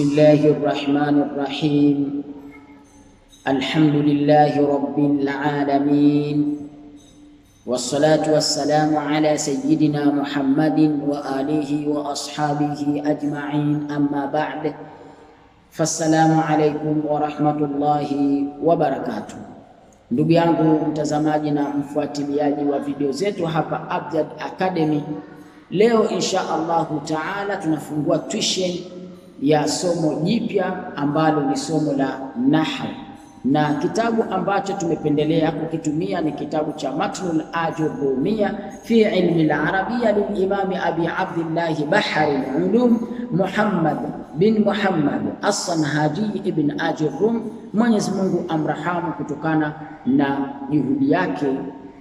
بسم الله الرحمن الرحيم الحمد لله رب العالمين والصلاة والسلام على سيدنا محمد وآله وأصحابه أجمعين أما بعد فالسلام عليكم ورحمة الله وبركاته Ndugu yangu mtazamaji na mfuatiliaji wa video zetu hapa Abjad Academy, leo insha Allahu taala tunafungua tuition ya somo jipya ambalo ni somo la nahwu, na kitabu ambacho tumependelea kukitumia ni kitabu cha Matnul Ajurumia fi ilmi larabia arabia lilimami Abi Abdillahi Bahari lulum ulum Muhammad bin Muhammad assanhaji ibn Ajurum, Mwenyezi Mungu amrahamu kutokana na juhudi yake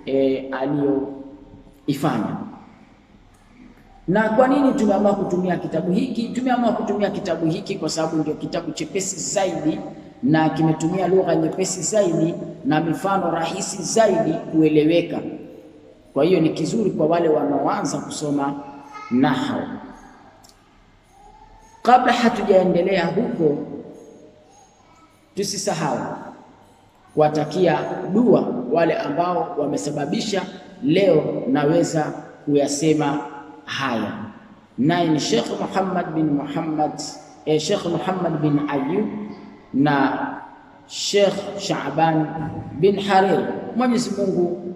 e, aliyoifanya. Na kwa nini tumeamua kutumia kitabu hiki? Tumeamua kutumia kitabu hiki kwa sababu ndio kitabu chepesi zaidi na kimetumia lugha nyepesi zaidi na mifano rahisi zaidi kueleweka. Kwa hiyo ni kizuri kwa wale wanaoanza kusoma nahau. Kabla hatujaendelea huko, tusisahau kuwatakia dua wale ambao wamesababisha leo naweza kuyasema haya. Naye ni Sheikh Muhammad bin Muhammad eh, Sheikh Muhammad bin Ayub na Sheikh Shaaban bin Harir. Mwenyezi Mungu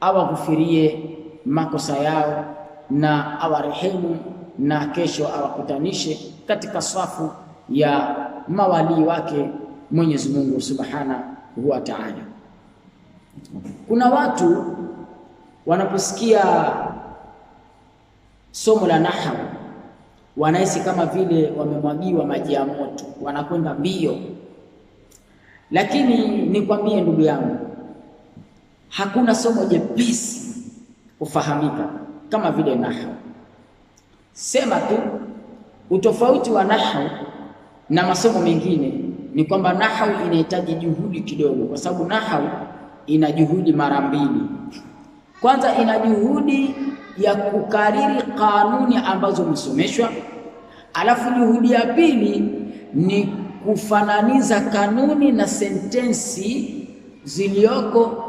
awakufirie makosa yao na awarehemu na kesho awakutanishe katika safu ya mawalii wake Mwenyezi Mungu Subhanahu wa Ta'ala. Kuna watu wanaposikia somo la nahau wanahisi kama vile wamemwagiwa maji ya moto, wanakwenda mbio. Lakini nikwambie ndugu yangu, hakuna somo jepesi kufahamika kama vile nahau. Sema tu utofauti wa nahau na masomo mengine ni kwamba nahau inahitaji juhudi kidogo, kwa sababu nahau ina juhudi mara mbili. Kwanza ina juhudi ya kukariri kanuni ambazo umesomeshwa. Alafu juhudi ya pili ni kufananiza kanuni na sentensi zilizoko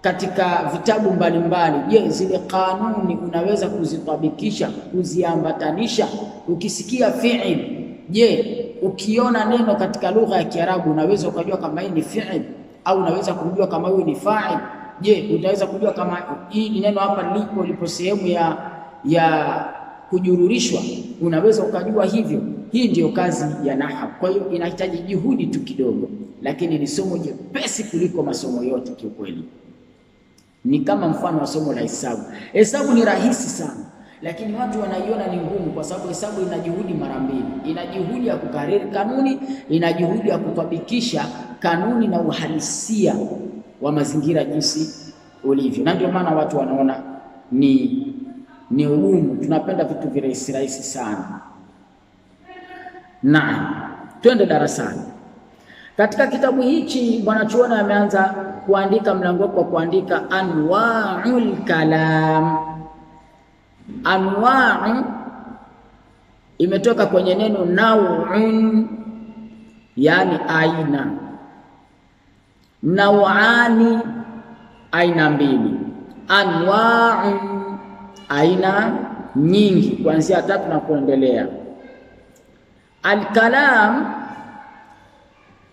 katika vitabu mbalimbali. Je, zile kanuni unaweza kuzitabikisha, kuziambatanisha? Ukisikia fi'il, je, ukiona neno katika lugha ya Kiarabu unaweza ukajua kama hii ni fi'il au unaweza kujua kama huyu ni fa'il? Je, utaweza kujua kama hii neno hapa lipo lipo sehemu ya ya kujururishwa? Unaweza ukajua hivyo. Hii ndiyo kazi ya nahau. Kwa hiyo inahitaji juhudi tu kidogo, lakini ni somo jepesi kuliko masomo yote kiukweli. Ni kama mfano wa somo la hesabu. Hesabu ni rahisi sana, lakini watu wanaiona ni ngumu, kwa sababu hesabu ina juhudi mara mbili. Ina juhudi ya kukariri kanuni, ina juhudi ya kutabikisha kanuni na uhalisia wa mazingira jinsi ulivyo, na ndio maana watu wanaona ni ni ugumu. Tunapenda vitu virahisi rahisi sana. Na twende darasani. Katika kitabu hichi mwanachuoni ameanza kuandika mlango kwa kuandika anwaul kalam. Anwau imetoka kwenye neno nauun yani aina Nawani, aina mbili. Anwau, aina nyingi, kuanzia tatu na kuendelea. Alkalam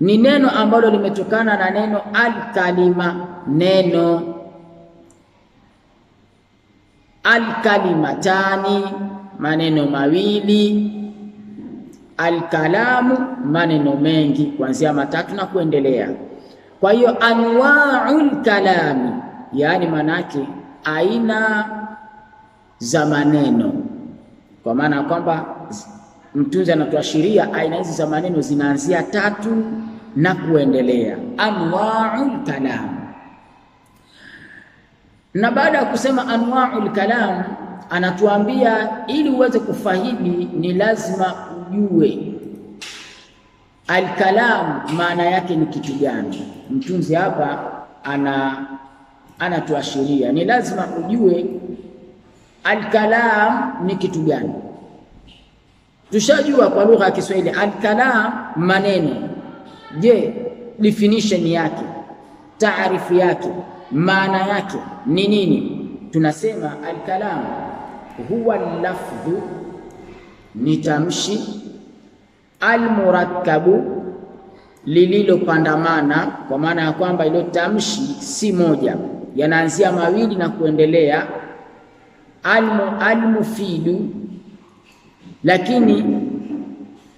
ni neno ambalo limetokana na neno alkalima, neno alkalimatani, maneno mawili. Alkalamu, maneno mengi, kuanzia matatu na kuendelea. Kwa hiyo anwaul kalami, yaani maanake aina za maneno, kwa maana ya kwamba mtunzi anatuashiria aina hizi za maneno zinaanzia tatu na kuendelea, anwaul kalam. Na baada ya kusema anwaul kalam, anatuambia ili uweze kufahimi ni lazima ujue Alkalam maana yake ni kitu gani? Mtunzi hapa ana anatuashiria ni lazima ujue alkalam ni kitu gani. Tushajua kwa lugha ya Kiswahili alkalam maneno. Je, definition yake, taarifu yake, maana yake ni nini? Tunasema alkalam huwa lafdhu, ni tamshi almurakkabu lililopandamana, kwa maana ya kwamba ilo tamshi si moja, yanaanzia mawili na kuendelea. Almufidu lakini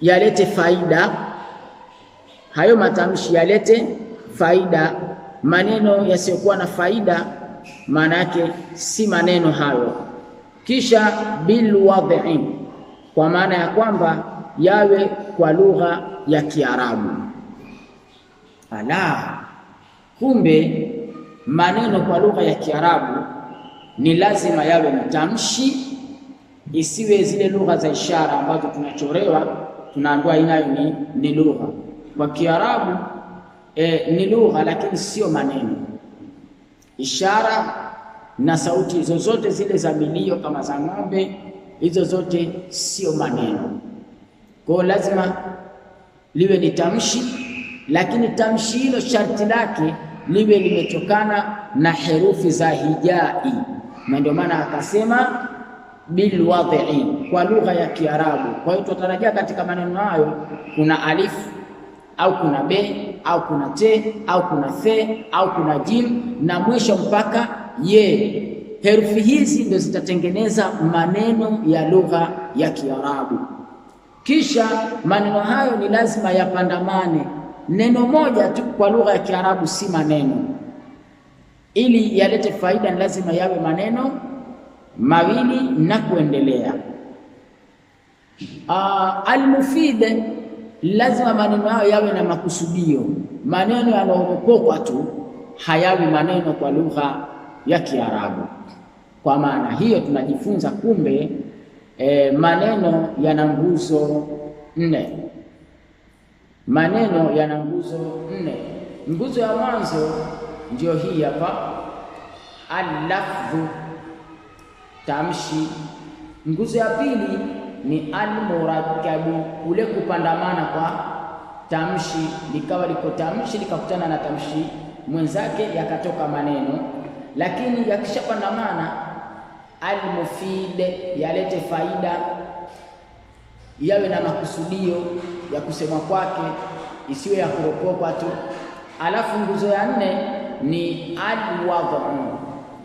yalete faida, hayo matamshi yalete faida. Maneno yasiyokuwa na faida maana yake si maneno hayo. Kisha bilwadhi, kwa maana ya kwamba yawe kwa lugha ya Kiarabu. Ala, kumbe maneno kwa lugha ya Kiarabu ni lazima yawe mtamshi isiwe zile lugha za ishara ambazo tunachorewa tunaambiwa inayo ni, ni lugha kwa Kiarabu e, ni lugha lakini sio maneno. Ishara na sauti zozote zile za milio kama za ng'ombe, hizo zote sio maneno. Kwa lazima liwe ni tamshi, lakini tamshi hilo sharti lake liwe limetokana na herufi za hijai, na ndio maana akasema bilwadhi kwa lugha ya Kiarabu. Kwa hiyo tutarajia katika maneno hayo kuna alifu au kuna be au kuna te au kuna the au kuna jim na mwisho mpaka ye. Herufi hizi ndio zitatengeneza maneno ya lugha ya Kiarabu. Kisha maneno hayo ni lazima yapandamane. Neno moja tu kwa lugha ya Kiarabu si maneno, ili yalete faida ni lazima yawe maneno mawili na kuendelea. Ah, Almufide, lazima maneno hayo yawe na makusudio. Maneno yanaoropokwa tu hayawi maneno kwa lugha ya Kiarabu. Kwa maana hiyo tunajifunza kumbe E, maneno yana nguzo nne. Maneno yana nguzo nne. Nguzo ya mwanzo ndiyo hii hapa, allafdhu, tamshi. Nguzo ya pili ni almurakkabu, ule kupandamana kwa tamshi, likawa liko tamshi likakutana na tamshi mwenzake, yakatoka maneno. Lakini yakishapandamana almufide, yalete faida, yawe na makusudio ya kusemwa kwake, isiwe ya kuropokwa tu. Alafu nguzo ya nne ni alwadhu,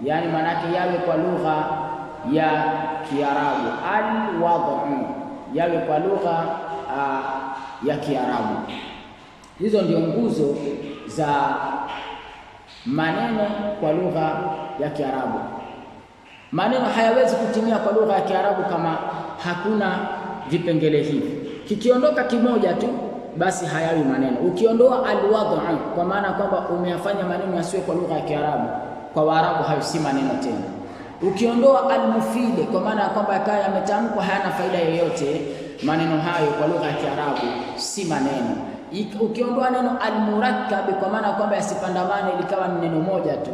yani maanake yawe kwa lugha ya Kiarabu, alwadhu yawe kwa lugha ah, ya Kiarabu. Hizo ndio nguzo za maneno kwa lugha ya Kiarabu. Maneno hayawezi kutimia kwa lugha ya Kiarabu kama hakuna vipengele hivi. Kikiondoka kimoja tu, basi hayawi maneno. Ukiondoa alwadhu, kwa maana kwamba umeyafanya maneno yasiwe kwa lugha ya Kiarabu, kwa Waarabu hayo si maneno tena. Ukiondoa almufide, kwa maana ya kwamba yakawa yametamkwa hayana faida yoyote, maneno hayo kwa lugha ya Kiarabu si maneno. Ukiondoa neno almurakkab, kwa maana kwamba yasipandamane likawa ni neno moja tu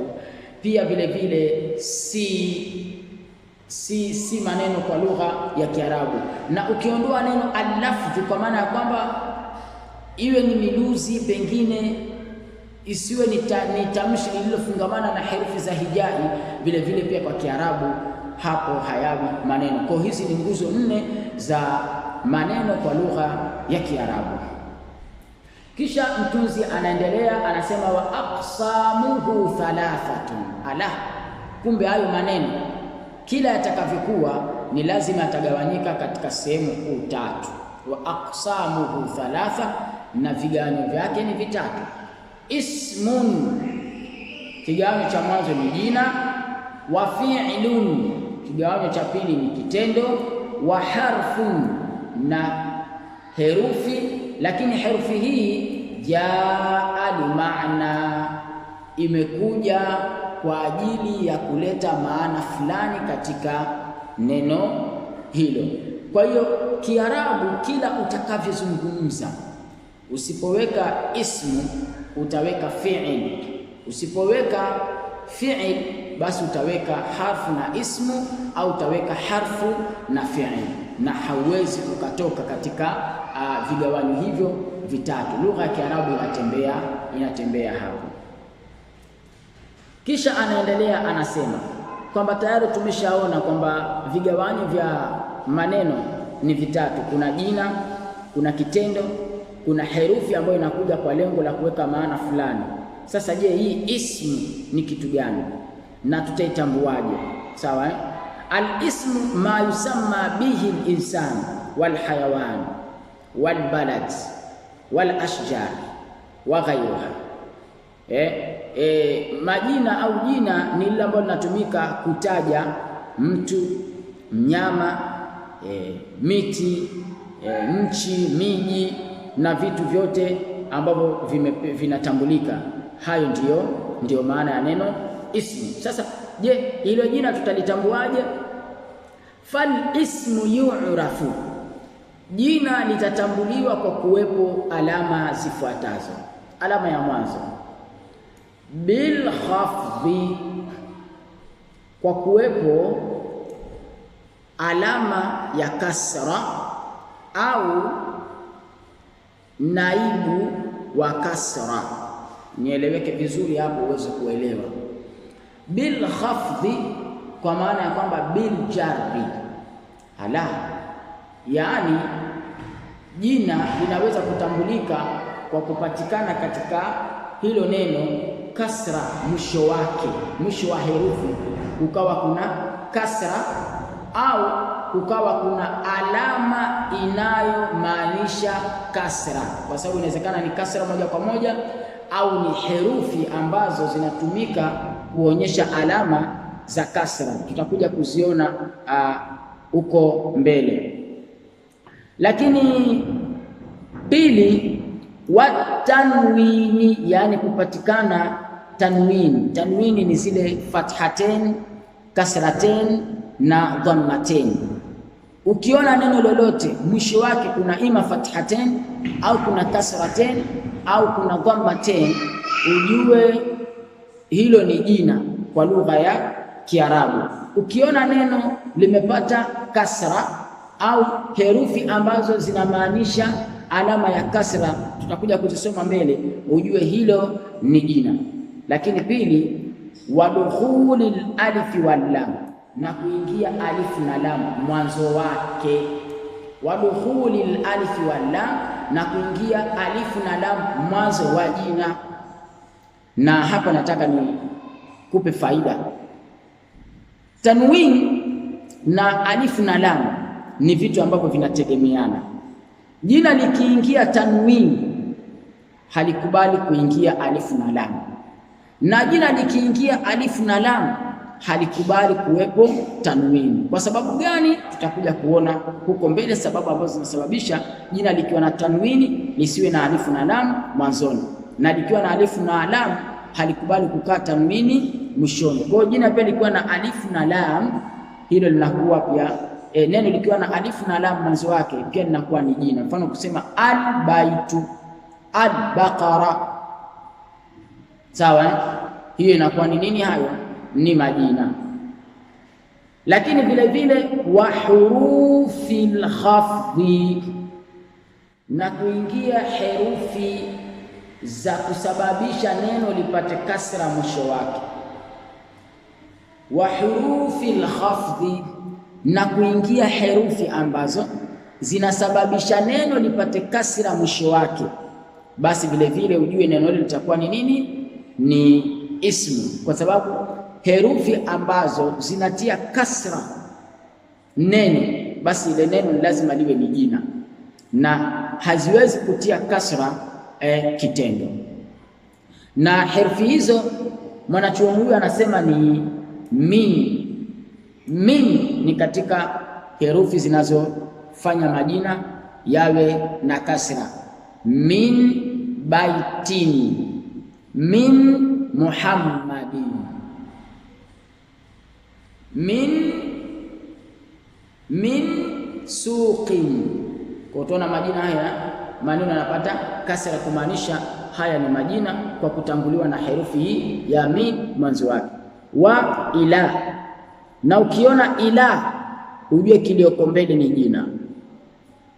pia vile vile si si si maneno kwa lugha ya Kiarabu, na ukiondoa neno allafdhu kwa maana ya kwamba iwe ni miluzi pengine isiwe ni tamshi lililofungamana na herufi za hijai, vile vile pia kwa Kiarabu hapo hayawi maneno. Kwa hizi ni nguzo nne za maneno kwa lugha ya Kiarabu. Kisha mtunzi anaendelea anasema, wa aqsamuhu thalathatun. Ala, kumbe hayo maneno kila yatakavyokuwa ni lazima yatagawanyika katika sehemu kuu tatu. Wa aqsamuhu thalatha, na vigawanyo vyake ni vitatu. Ismun, kigawanyo cha mwanzo ni jina. Wa fi'lun, kigawanyo cha pili ni kitendo. Wa harfun, na herufi lakini herufi hii jaa limaana imekuja kwa ajili ya kuleta maana fulani katika neno hilo. Kwa hiyo Kiarabu, kila utakavyozungumza, usipoweka ismu utaweka fi'il, usipoweka fi'il basi utaweka harfu na ismu au utaweka harfu na fi'il na hauwezi ukatoka katika uh, vigawanyo hivyo vitatu. Lugha ya Kiarabu inatembea inatembea hapo. Kisha anaendelea anasema kwamba tayari tumeshaona kwamba vigawanyo vya maneno ni vitatu, kuna jina, kuna kitendo, kuna herufi ambayo inakuja kwa lengo la kuweka maana fulani. Sasa je, hii ismi ni kitu gani na tutaitambuaje? Sawa eh? Alismu ma yusamma bihi linsan walhayawan walbalad walashjar wa ghayruha. Eh, eh, majina au jina ni lile ambalo linatumika kutaja mtu, mnyama, eh, miti, eh, nchi, miji na vitu vyote ambavyo vinatambulika. Hayo ndiyo ndiyo maana ya neno ismu. Sasa je, ilo jina tutalitambuaje? fal ismu yu'rafu, jina litatambuliwa kwa kuwepo alama zifuatazo. Alama ya mwanzo bil khafdhi, kwa kuwepo alama ya kasra au naibu wa kasra. Nieleweke vizuri hapo uweze kuelewa. Bil khafdhi kwa maana ya kwamba bil jarri ala, yaani jina linaweza kutambulika kwa kupatikana katika hilo neno kasra mwisho wake, mwisho wa herufi kukawa kuna kasra au kukawa kuna alama inayomaanisha kasra, kwa sababu inawezekana ni kasra moja kwa moja au ni herufi ambazo zinatumika kuonyesha alama za kasra, tutakuja kuziona ah, huko mbele. Lakini pili, watanwini, yani kupatikana tanwini. Tanwini ni zile fathaten, kasraten na dhammaten. Ukiona neno lolote mwisho wake kuna ima fathaten au kuna kasraten au kuna dhammaten, ujue hilo ni jina kwa lugha ya Kiarabu. Ukiona neno limepata kasra au herufi ambazo zinamaanisha alama ya kasra, tutakuja kuzisoma mbele, ujue hilo ni jina. Lakini pili, wadukhuli alifi wal lam, na kuingia alifu na lam mwanzo wake. Wadukhuli alifi wal lam, na kuingia alifu na lam mwanzo wa jina. Na hapa nataka nikupe faida Tanwini na alifu na lam ni vitu ambavyo vinategemeana. Jina likiingia tanwini halikubali kuingia alifu na lam, na jina likiingia alifu na lam halikubali kuwepo tanwini. Kwa sababu gani? Tutakuja kuona huko mbele sababu ambazo zinasababisha jina likiwa na tanwini lisiwe na alifu na lam mwanzoni, na likiwa na alifu na lam halikubali kukaa tanwini mwishoni. Kwa hiyo jina pia likiwa na alifu na lam, hilo linakuwa pia e, neno likiwa na alifu na lam mwanzo wake pia linakuwa ni jina. Mfano kusema albaitu, albaqara, sawa eh? Hiyo inakuwa ni nini? Hayo ni majina. Lakini vile vile wa hurufil khafdhi, na kuingia herufi za kusababisha neno lipate kasra mwisho wake wa hurufi lkhafdhi, na kuingia herufi ambazo zinasababisha neno lipate kasra mwisho wake, basi vile vile ujue neno hilo litakuwa ni nini? Ni ismu, kwa sababu herufi ambazo zinatia kasra neno, basi ile neno lazima liwe ni jina na haziwezi kutia kasra eh, kitendo. Na herufi hizo mwanachuoni huyu anasema ni min min ni katika herufi zinazofanya majina yawe na kasra. Min baitin min Muhammadin, min min suqin. Kwa majina haya maneno yanapata kasra, kumaanisha haya ni majina kwa kutanguliwa na herufi hii ya min mwanzo wake wa ila. Na ukiona ila ujue kilioko mbele ni jina.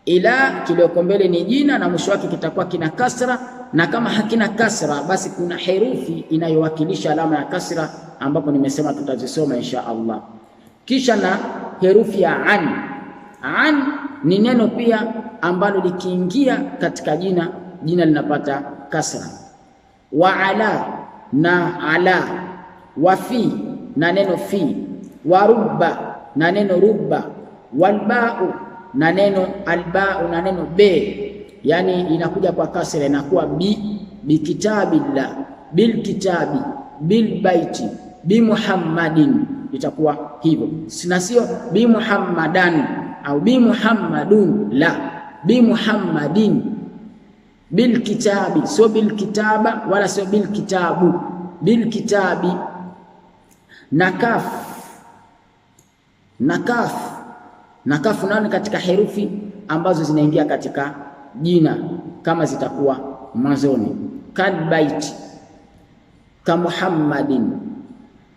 Ila kilioko mbele ni jina, na mwisho wake kitakuwa kina kasra, na kama hakina kasra, basi kuna herufi inayowakilisha alama ya kasra, ambapo nimesema tutazisoma insha Allah. Kisha na herufi ya an. An ni neno pia ambalo likiingia katika jina, jina linapata kasra. Wa ala na ala wa fi na neno fi, wa rubba na neno rubba, walbau na neno albau na neno be, yani inakuja kwa kasra, inakuwa bi bikitabillah, bilkitabi, bilbaiti, bimuhammadin, itakuwa hivyo, sina sio bimuhammadan au bimuhammadun, la bimuhammadin, bilkitabi, sio bilkitaba wala sio bilkitabu, bilkitabi Nakaf, nakaf, nakaf nani katika herufi ambazo zinaingia katika jina kama zitakuwa mwanzoni, kalbaiti ka Muhammadin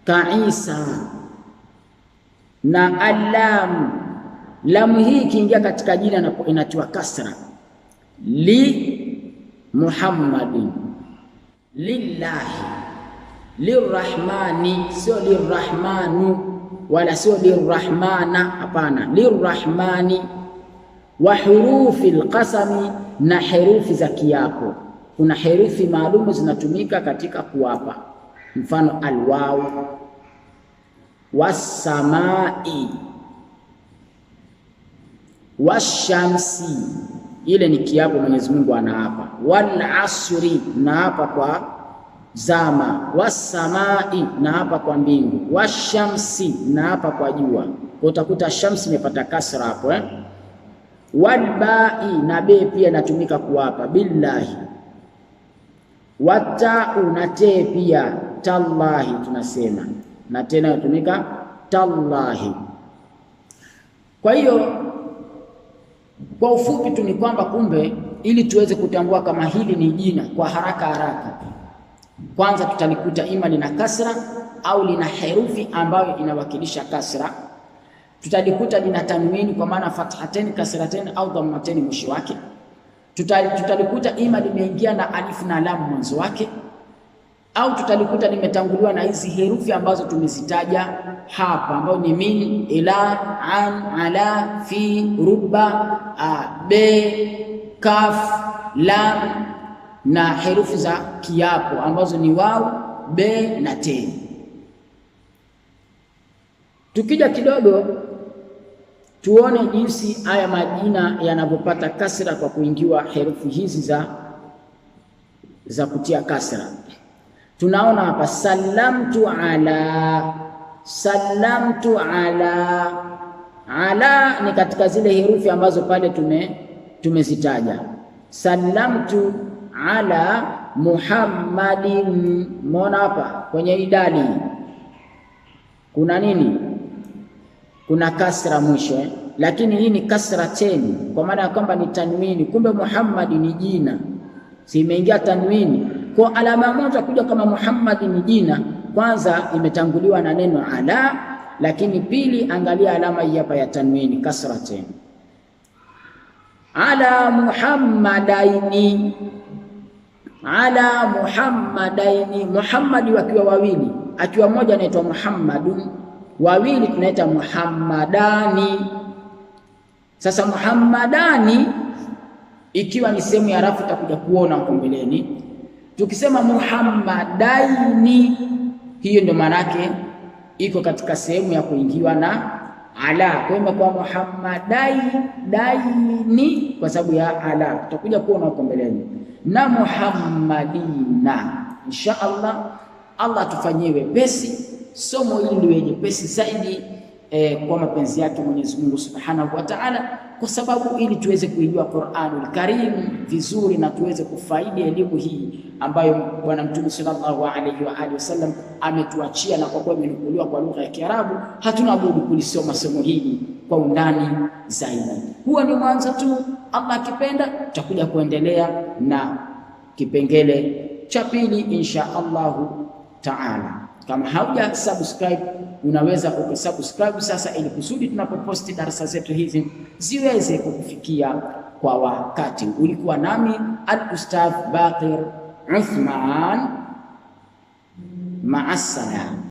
ka Isa na alam Lamu hii ikiingia katika jina inatiwa kasra li Muhammadin lillahi lirrahmani, sio lirrahmanu wala sio lirrahmana, hapana, lirrahmani. Wa hurufi lqasami, na herufi za kiapo. Kuna herufi maalumu zinatumika katika kuapa, mfano alwawu, wasamai, washamsi, ile ni kiapo Mwenyezi Mungu anaapa. Wal asri, naapa kwa zama, wasamai, na hapa kwa mbingu, washamsi, na hapa kwa jua. Utakuta shamsi imepata kasra hapo eh? Walbai na be pia inatumika kuwapa billahi watau na te pia, tallahi tunasema, na tena inatumika tallahi. Kwa hiyo kwa ufupi tu ni kwamba kumbe, ili tuweze kutambua kama hili ni jina kwa haraka haraka kwanza tutalikuta ima lina kasra au lina herufi ambayo inawakilisha kasra. Tutalikuta lina tanwini kwa maana fathatain, kasratain au dhammatain mwisho wake. Tutalikuta ima limeingia na alifu na lamu mwanzo wake, au tutalikuta limetanguliwa na hizi herufi ambazo tumezitaja hapa, ambayo ni min, ila, an, ala, fi, ruba, a, be, kaf, lam na herufi za kiapo ambazo ni wau, be na te. Tukija kidogo tuone jinsi haya majina yanavyopata kasra kwa kuingiwa herufi hizi za, za kutia kasra. Tunaona hapa salamtu ala, salamtu ala, ala ni katika zile herufi ambazo pale tume tumezitaja salamtu ala Muhammadin. Mona hapa kwenye idadi kuna nini? Kuna kasra mwisho eh? Lakini hii ni kasra teni, kwa maana ya kwamba ni tanwini. Kumbe Muhammad ni jina, si imeingia tanwini kwa alama moja kuja kama Muhammad ni jina. Kwanza imetanguliwa na neno ala, lakini pili, angalia alama hii hapa ya tanwini, kasra teni ala Muhammadaini ala muhammadaini, Muhammadi wakiwa wawili, akiwa mmoja anaitwa muhammadu wawili tunaita Muhammadani. Sasa Muhammadani ikiwa ni sehemu ya rafu, utakuja kuona huko mbeleni. Tukisema Muhammadaini, hiyo ndio maana yake, iko katika sehemu ya kuingiwa na ala, kwa imekuwa Muhammadai daini kwa sababu ya ala, tutakuja kuona huko mbeleni na Muhammadina. Insha Allah, Allah atufanyie wepesi somo hili liwe jepesi zaidi eh, kwa mapenzi yake Mwenyezi Mungu Subhanahu wa Ta'ala, kwa sababu ili tuweze kuijua Qur'anul Karim vizuri na tuweze kufaidi elimu hii ambayo Bwana Mtume sallallahu alaihi wa alihi wasallam ametuachia, na kwa kuwa imenukuliwa kwa lugha ya Kiarabu, hatuna budi kulisoma somo hili kwa undani zaidi. huo ni mwanzo tu, Allah akipenda tutakuja kuendelea na kipengele cha pili insha Allahu taala. Kama hauja subscribe unaweza ukasubscribe sasa, ili kusudi tunapoposti darasa zetu hizi ziweze kukufikia kwa wakati. Ulikuwa nami al-Ustadh Baqir Uthman, maassalam.